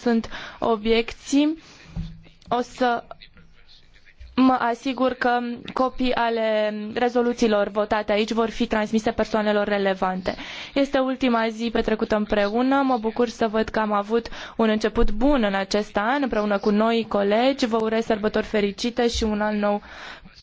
sunt obiecții, o să mă asigur că copii ale rezoluțiilor votate aici vor fi transmise persoanelor relevante. Este ultima zi petrecută împreună. Mă bucur să văd că am avut un început bun în acest an împreună cu noi colegi. Vă urez sărbători fericite și un an nou